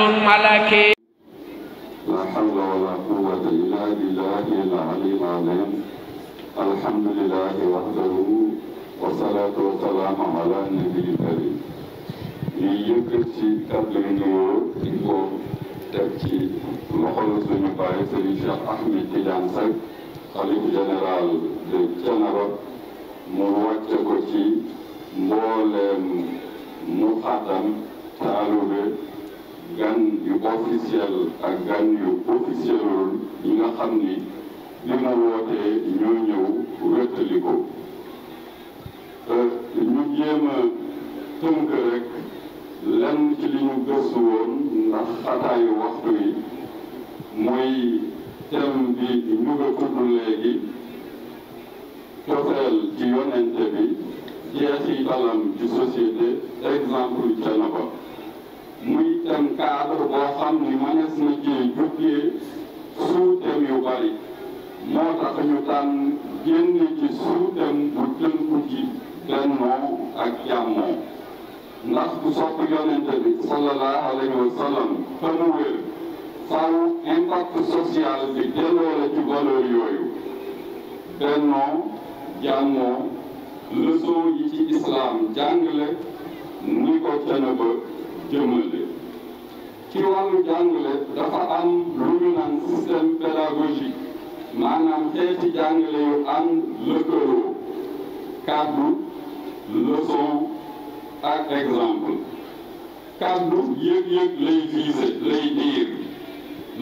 ملكي لا i ولا قوة إلا بالله العلي العظيم الحمد لله وحده والصلاة والسلام على النبي الكريم ñu yëkkat ci kàddu yu nuyoo di ko teg ci loxol suñu baay sëriñ Cheikh Ahmed Tidiane Seck xalif général de Thiénaba mu wàcce ci mbooleem mu xaddam taalube gan yu officiel ak gan yu yi nga xam li ñoo ñëw euh, ñu jéem a tënk rek lenn ci li ñu gëstu woon ndax xataayu waxtu yi mooy bi ñu nga tudd léegi ci yonente bi talam ci société exemple muy itam cadre boo xam ni mënees na ci jógee suutam yu bari moo tax ñu tànn génn ci suutam bu tënku ci bennoo ak jàmmoo ndax bu sopp yonente bi sallallahu alayhi wa sallam fa mu wér faw bi delloo la ci valeur yooyu bennoo jàmmoo leçon yi ci islam jàngale ni ko cana ba ci wàllu jàngale dafa am lu ñu naan système pédagogique maanaam xeeti jàngale yu ànd lëkkaloo kàddu leçon ak exemple kàddu yëg-yëg lay viser lay diir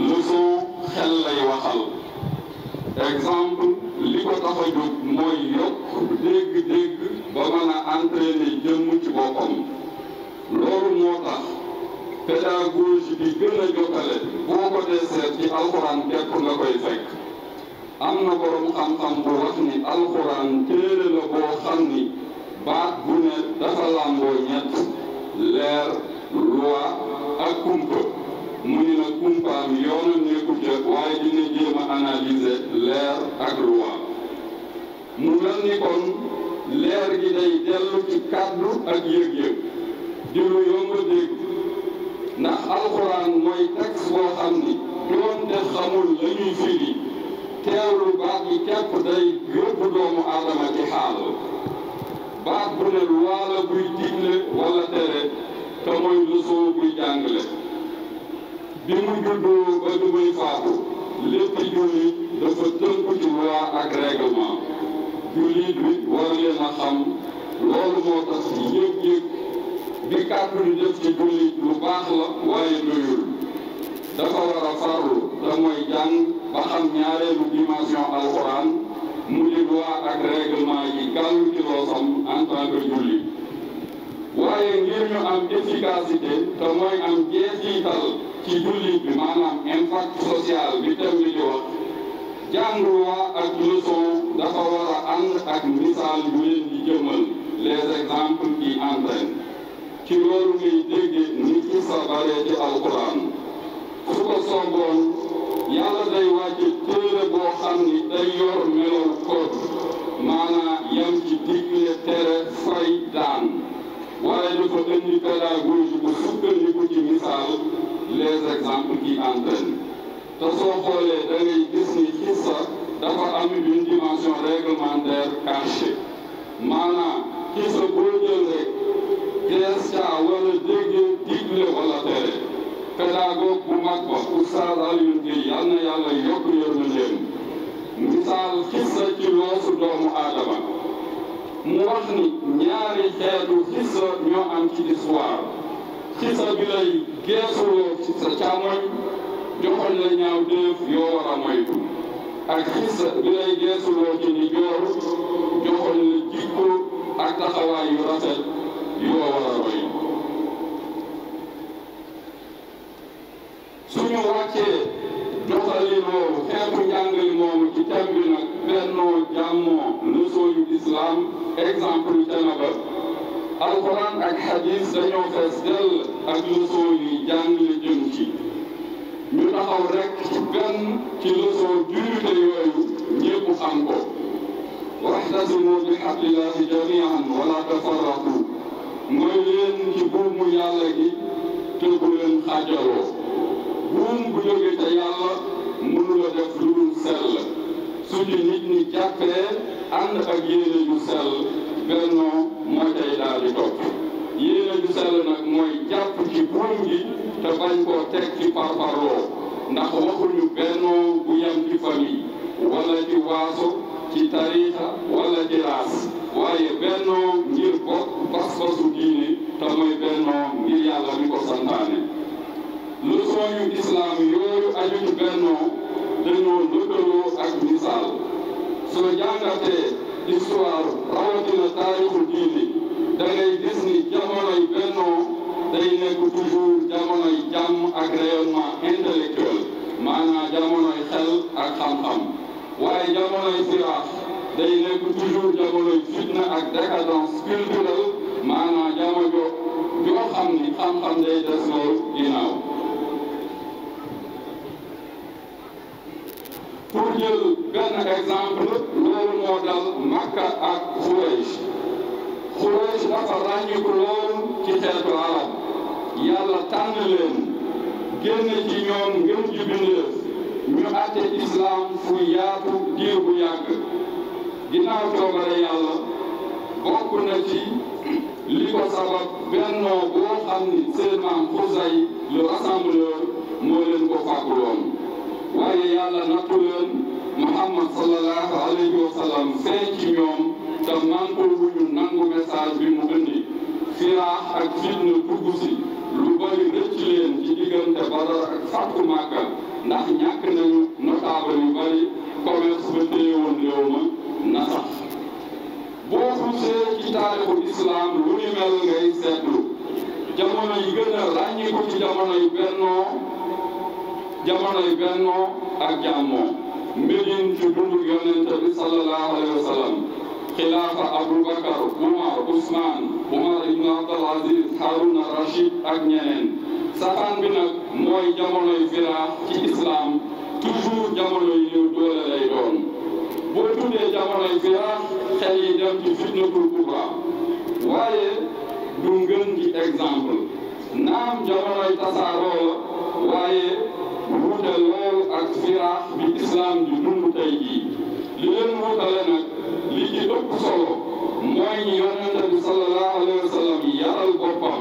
leçon xel lay waxal li ko tax mooy yokk dégg-dégg ba mën a entraîner jëmm ci boppam pédagogie bi gën a boo ko dee seet ci alxuraan képp nga koy fekk am na borom xam-xam bu wax ni alxuraan téere la boo xam ni baat bu ne dafa làmboo ñett leer loi ak kumpa mu na kumpaam yoonam nekku ca waaye dina jéem a analyser leer ak loi mu mel ni kon leer gi day dellu ci kàddu ak yëg-yëg di lu yomb a ndax alxuraan mooy texte boo xam ni doonte xamul la ñuy firi teewlu baat bi képp day yóbbu doomu aadama ci xaal baat bu ne waala buy digle wala tere te mooy leçon buy jàngale bi mu juddoo ba du muy faatu lépp jullit dafa tënku ci loi ak règlement jullit bi war leen a xam loolu moo tax yëg-yëg bi kàddu di def ci jullit lu baax la waaye doyul dafa war a farlu jàng ba xam ñaareelu dimension alxuraan mu di loi ak règlement yi gàllu ci loosam en tant waaye ngir ñu am efficacité te mooy am jeexital ci julli bi maanaam impact social bi bi di wax jàng loi ak leçon dafa war ànd ak misaal yu leen di jëmal les exemples qui entraînent ci loolu ngay déggee ni Isa baree ci alquran su ko sooboon yàlla day wàcce téere boo xam ni day yor melow code maanaam yam ci digle tere fay daan waaye dafa indi pédagogie bu sukkandiku ci misaal les exemples qui entraînent te soo xoolee da ngay gis ni dafa am une dimension réglementaire cachée maanaam Isa boo jël gees ca wala dégg digle wala tere pédagogue bu mag ba oustaz Alioune Guèye yal yàlla yokk yërmandeem misaal xissa ci loosu doomu aadama mu wax ni ñaari xeetu xissa ñoo am ci histoire xissa bi lay geesuloo ci sa càmmoñ joxoñ la ñaaw def yoo war a moytu ak xissa bi lay geesuloo ci ni joor joxoñ la jikko ak taxawaay yu rafet suñu wàccee doxalin woowu xeetu njàngal moomu ci thème bi nag bennoo jàmmoo nosooyu islam exemple Thiénaba alquran ak hadis dañoo fees dell ak nosoo yi jàngale jëm ci ñu taxaw rek ci benn ci nosoo jullite yooyu ñëpp xam ko waxtasimu bi xaqillahi jamian wala tafarraqu mooy leen ci buumu yàlla gi te bu leen xaajaloo buum bu jógee ca yàlla def lu sell su ci nit ñi jàppee ànd ak yéene ju sell bennoo mooy tey daal di topp sell nag mooy jàpp ci buum gi te bañ koo teg ci parparloo ndax waxuñu bennoo bu yem ci famille wala ci waaso ci tariixa wala ci raas waaye bennoo yu islaam yooyu aju ci gis ni jamonoy bennoo xel ak xam-xam waaye jamonoy siraax day nekk toujours jamonoy fitna ak décadence culturelle maanaam jamono joo xam ni xam-xam day des loolu ginnaaw pour jël benn exemple loolu moo dal Makka ak Xureys Xureys dafa ràññiku loolu ci xeetu arab yàlla tànn leen génn ci ñoom ngëm ji bindeef ñu àtte islam fu yaatu diir bu yàgg ginnaaw coobare yàlla bokk na ci li ko sabab bennoo boo xam ni seen maam Xusay le rassembleur moo leen ko fàgguloon waaye yàlla nattu leen Muhammad sallallahu alayhi ci ñoom te nangu wuñu nangu message bi mu indi firaax ak fitna dugg si lu bari rëcc leen ci diggante Badar ak fàttu ndax ñàkk nañu notable yu bari commerce ba téyewoon réew na sax boo xuusee ci taarixu islam lu ni mel ngay seetlu jamono yi ràññi ko ci jamono jamonoy bennoo ak jàmmoo mbégin ci dundu yonente bi sallallahu alayhi wa sallam xilaafa aboubacar oumar ousmane oumar ibn abdul aziz ak ñeneen safaan bi nag mooy firaax ci islam toujours jamonoy néew doole lay doon boo tuddee jamonoy firaax xel dem ci fitnatul kubra waaye du ngën naam jamonoy tasaaroo la wuute loolu ak firaax bi islam di dund tey li leen wuutale nag li ci ëpp solo mooy ñi yaral boppam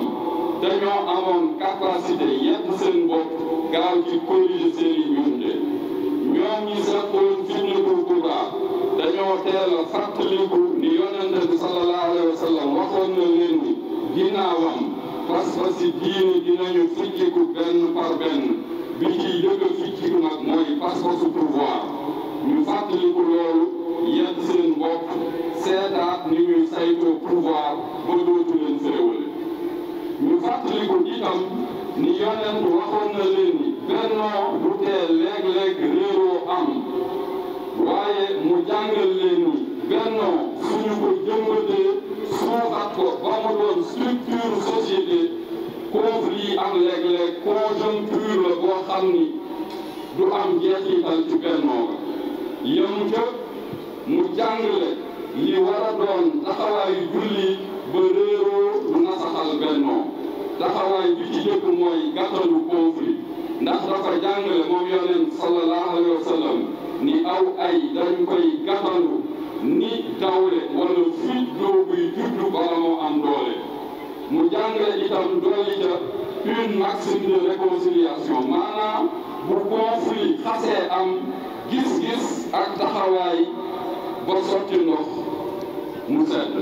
dañoo amoon capacité yedd seen bopp gaaw ci corriger seen i njuumte ñoom ñi sàkkoon fitnatul kubra dañoo teel a fàttaliku ni yonente waxoon na leen ni ginnaawam pas-pasi diine dinañu par benn bi ci dëgg fittiku nag mooy pas-pasu pouvoir ñu loolu yéen bopp seetaat ni ñuy saytoo pouvoir ba dootu leen féewale itam ni yonent waxoon na leen ni bennoo bu tee am waaye mu jàngal leen ni bennoo suñu ko jëmbatee suuxat ko structure sociale lii am léeg-léeg conjoncture la boo xam ni du am jeexital ci bennoo ga yemu ca mu jàngale li war a doon taxawaayu julli ba réeroo du nasaxal bennoo taxawaay bi jëkk mooy gàttalu conflit ndax dafa jàngale moom yonent sallallahu alayhi wa sallam ni aw ay dañ koy gàttalu ni dawle wala fii doo buy juddu bala moo am doole mu jàngale itam dolli ca une maxime de réconciliation maanaam bu conflit xasee am gis-gis ak taxawaay ba sotti ndox mu sedd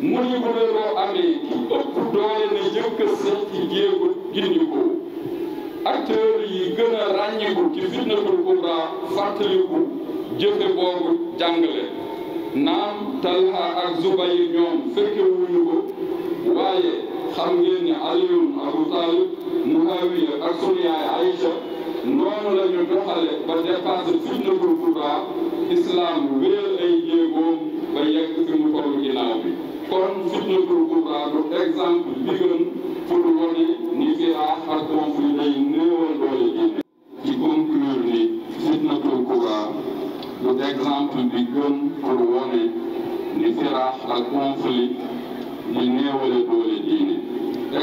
mu ñu bu amee ëpp doole na jëkk seet ci jéego gindi ko acteur yi gën a ràññiku ci fitnatul kubra fàttaliku jëfe boobu naam Talha ak Zubayr ñoom fekke wuñu waaye xam ngeen ne Alioune Abou Talib Muawiya ak sunu yaay Aïcha la ñu doxale ba dépassé fitnatul kubra islam wéel ay jéegoom ba yegg fi mu toll ginnaaw kon fitnatul kubra du exemple bi gën pour ni xeex ak conflit day néewal doole diine ci conclure ni fitnatul kubra du exemple bi gën pour ni xeex ak conflit di néewale doole diine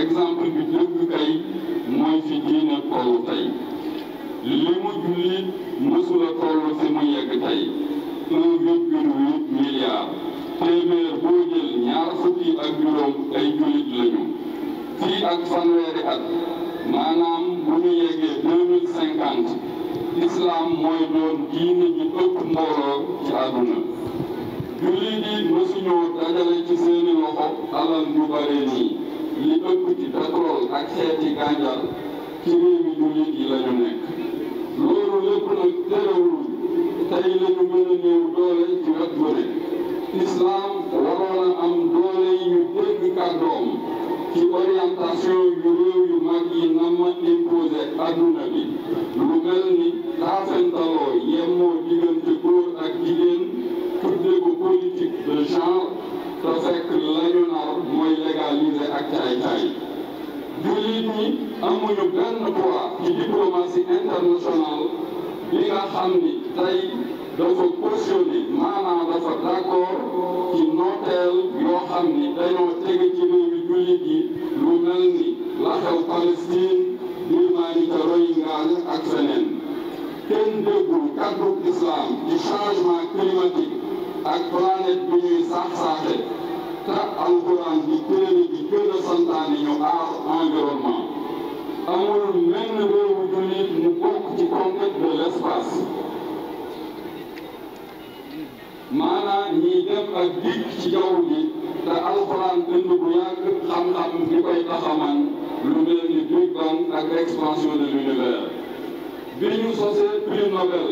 exemple bi dëgg kay mooy fi diine toll tey li mu julli mësula toll fi mu yegg tey un téeméer boo jël ñaar fukki ak juróom ay jullit lañu fii ak fanweeri at maanaam bu ñu yeggee deux mooy doon diine ji ëpp mbooloo ci àdduna julli di mësuñoo dajale ci seeni loxo alal ñu bare nii li ëpp ci pétrole ak xeeti gànjar ci jullit yi la nekk loolu lépp nag terewul tey la ñu mën doole ci wet bëre islaam waroon am doole yu dégg kàddoom ci orientation yu réew yu mag yi nam ma imposé bi lu mel ni taafentaloo yemmoo diggante góor ak jigéen politique de genre te fekk lañu nar mooy légaliser ak caay jullit ñi amuñu benn droit ci diplomatie internationale li nga xam ni tey dafa cautionné maanaam dafa d'accord ci nooteel yoo xam ni dañoo tege ci réewi jullit yi lu mel ni la xew Palestine Birmanie ca Rohingya ak feneen kenn déggul kàddu islam ci changement climatique ak planète bi ñuy saax-saaxe te alxuraan di téere bi gën a santaane ñu aar environnement amul menn réewu jullit mu bokk ci conquête de l'espace maanaam ñiy dem ak dikk ci jaww ji te alxuraan dënd bu yàgg xam-xam di koy taxaman lu mel ni Big Bang ak expansion de l'univers bi ñu sosee prix Nobel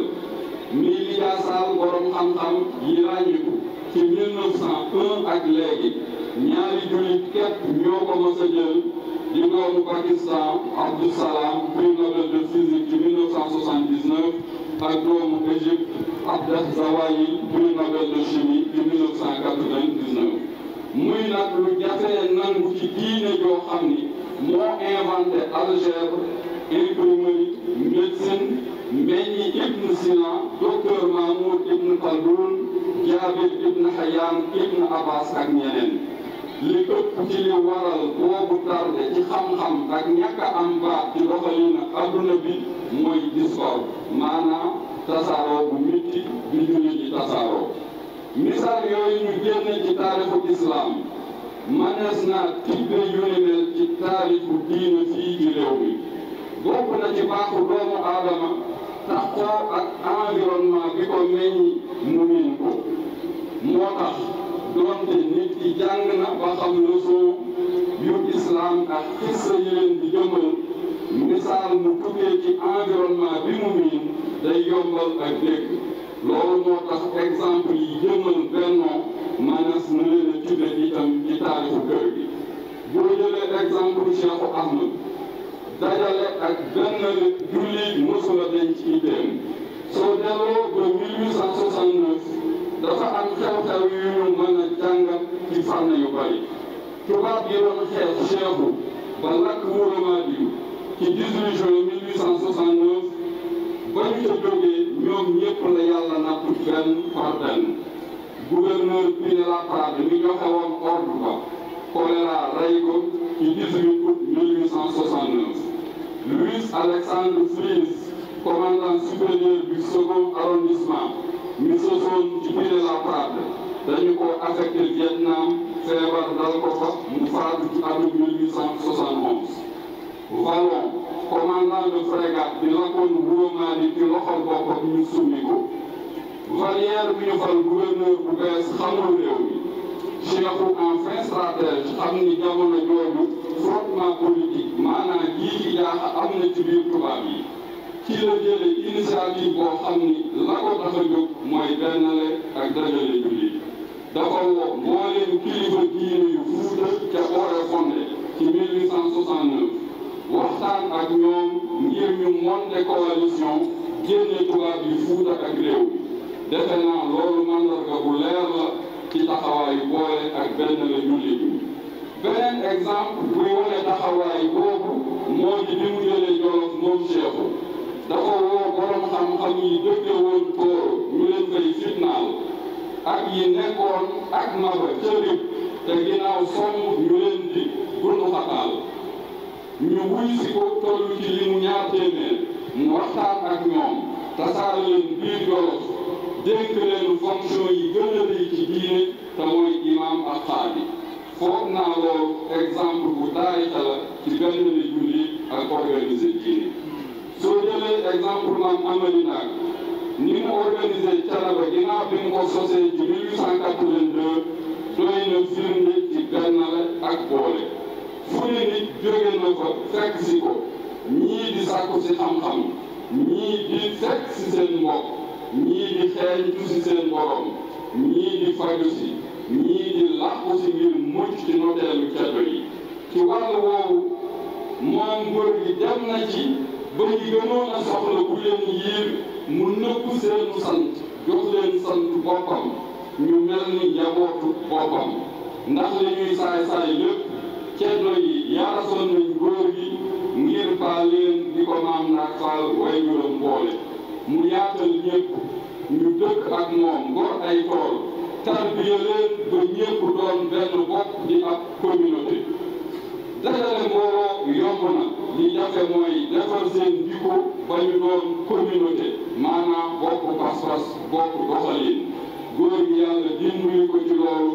Yaa Saar borom xam-xam yi ràññiku ci 1901 ak léegi ñaari jullit képp ñoo ko mos a jël di doomu Pakistan Abdou Salam prix Nobel de physique ci 1979 ak doomu Égypte Abdah Zawayi prix Nobel de chimie ci 1999. muy nag lu jafee nangu ci diine joo xam ni inventé algèbre imprimerie médecine. Menyi ibn Sina, docteur Mahmoud ibn Khaldun, Jabir ibn Hayyan ibn Abbas ak ñeneen li ëpp ci li waral boobu tardé ci xam-xam ak ñàkk a am baat ci doxalin adduna bi mooy discorde maanaam tasaaroo bu métti bi jullit yi tasaaroo. misaal yooyu ñu génne ci taarixu islam manees na tibb yu ni mel ci taarixu diine fii ci réew mi bokk na ci baaxu doomu aadama. taxoo ak environnement bi ko meññ mu miin ko moo tax doonte nit ki jàng na ba xam leçon yu islam ak xissa yi leen misaal mu tukkee ci environnement bi mu miin day yombal ak dégg loolu moo tax exemple yi jëmbal bennoo manas na leen a itam ci taarixu kër gi boo jëlee exemple Cheikhu Ahmad dajale ak benn julli mosula denc itam soo delloo ba dafa am xew-xew yu ñu mën a jàngat ci fànn yu bari tubaab yi doon xeex Cheikhu ba lakk Muhamadiyu ci 18 juin 1869 ba ñu ca jógee ñoom ñëpp la yàlla napp benn par benn bi de la Prade mi joxe woon rey ko ci 18 août 1869 Louis Alexandre Fries, commandant supérieur du second arrondissement ñu du ci de la prade, d'un affecté Vietnam feebar dal moufad, fa 1871. Vallon commandant de frégate de Lakon Wuromane ci loxol boppam ñu summi ministre du vous gouverneur bu bees Chez réew en fin stratège xam ni frottement politique maanaam jiitu jaaxa am na ci biir tubaab yi ci la jëlee initiative boo xam ni la tax jóg mooy bennale ak dajale jullit dafa woo mbooleem kilifa diine yu Fuuta ca Oréfondé ci waxtaan ak ñoom ngir ñu monter coalition génne tubaab yi Fuuta ak réew defe naa loolu mandarga bu leer la ci taxawaayu boole ak bennale jullit yi. beneen exemple buy wane taxawaay boobu moo di bi mu jëlee Jolof Seexu dafa woo borom xam-xam yi dëkke woon ñu leen fay fitnaal ak yi nekkoon ak Maba ca Rib te ginnaaw somm ñu leen di bundu xataal ñu wuy si ko tollu ci li mu ñaar téeméer mu waxtaan ak ñoom tasaare leen biir dénk leen fonction yi gën a ci diine te mooy imaam ak xaaj foog naa loolu exemple bu daayita la ci benn julli ak organiser diine soo gi exemple maam Amady Ndaak ni mu organiser Thiénaba ginnaaw bi mu ko sosee ci 1882 doy na firnde ci benn la ak boole fu ne na fa fekk si ko ñii di sàkku si xam-xam ñii di fekk si seen mbokk ñii di xeeñtu si seen borom ñii di faju ñii di làqu si ngir mucc ci nooteelu ceddo yi ci wàll woowu moom góor gi dem na ci ba ñu gënoon a soxla ku leen yiir mu nëbbu seenu sant jox sant boppam ñu mel njabootu boppam ndax li ñuy saay-saay lépp ceddo yi yaarasoon nañ góor gi ngir faa leen di ko maam naag faal way juróom boole mu yaatal ñëpp ñu dëkk ak moom gor ay tool tarbiya leen ba ñëpp doon benn bopp di ab communauté dajale mbooloo yomb na li jafe mooy defar seen jikko ba ñu doon communauté maanaam bokk pas bokk doxalin góor gi yàlla dimbali ko ci loolu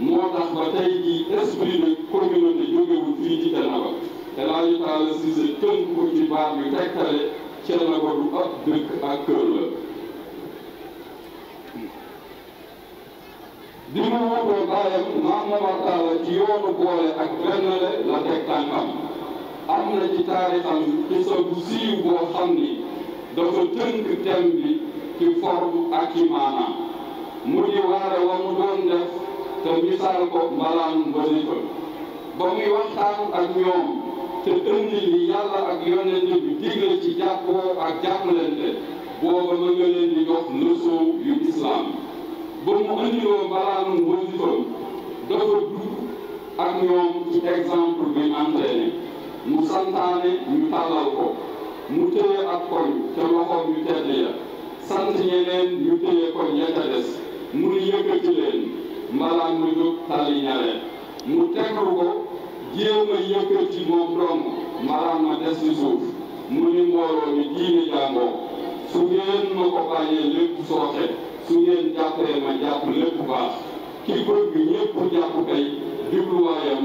moo tax ba tey jii esprit de communauté jógewul fii ci Thiénaba te laañu taal si sa tënk ci baat yu tegtale Thiénaba du dëkk ak kër la li mu wootoo baayam maam Momar Talla wa mu doon def te misaal ko mbalaan mbalifa ba muy waxtaan ak ñoom te indi li yàlla ak yonente bi digle ci jàppoo ak jàppalante booba ma nga leen di jox leçon yu islam ba mu indiwoo balaa nun wasifa dafa dugg ak ñoom ci exemple bi entraîné mu santaane ñu tàllal ko mu téye ak koñ te loxoom yu tedd ya sant ñeneen ñu téye koñ ya des mu ni yëkkati leen mu jóg tali ñare mu tegru ko jéem a yëkkati moom dong ma des ci suuf mu ni mbooloo mi diine su ngeen ma ko bàyyee lépp sooxe su ngeen jàppalee ma jàpp lépp baax ki bëgg ñëpp jàpp tey jubluwaayam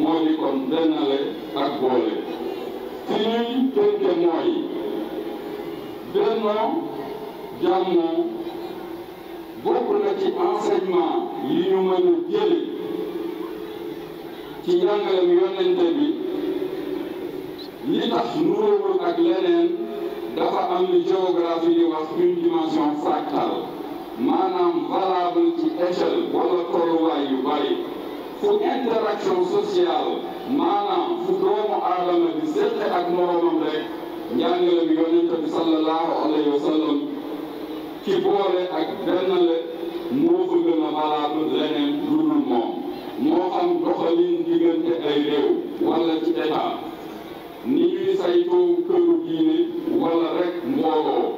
moo di kon bennale ak boole fi ñuy tënke mooy bennoo jàmmoo bokk na ci enseignement yi ñu mën a jële ci njàngalem yonente bi li tax nuróowul ak leneen dafa am li géographie di wax une dimension maanaam valable ci échelle wala tolluwaay yu bari fu interaction sociale maanaam fu doomu aadama di séq ak moroomam rek njàngale bi yonente bi sallallahu alayhi wa ci boole ak benn la moo fa gën a leneen lu moom moo xam doxalin diggante ay réew wala ci état ni ñuy saytu këru diine wala rek mbooloo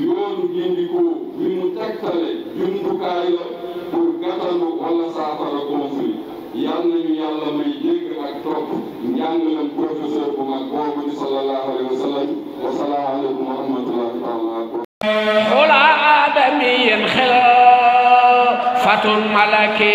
yoonu gindiko bi mu tegtale jumtukaay la pour gàttandu wala saafara conflit yal nañu yàlla may dégg ak topp njàngalam professeur bu mag boobu ni sallallahu alayhi wa sallam wa salaamu aleykum wa rahmatullahi taala wa barakaatuh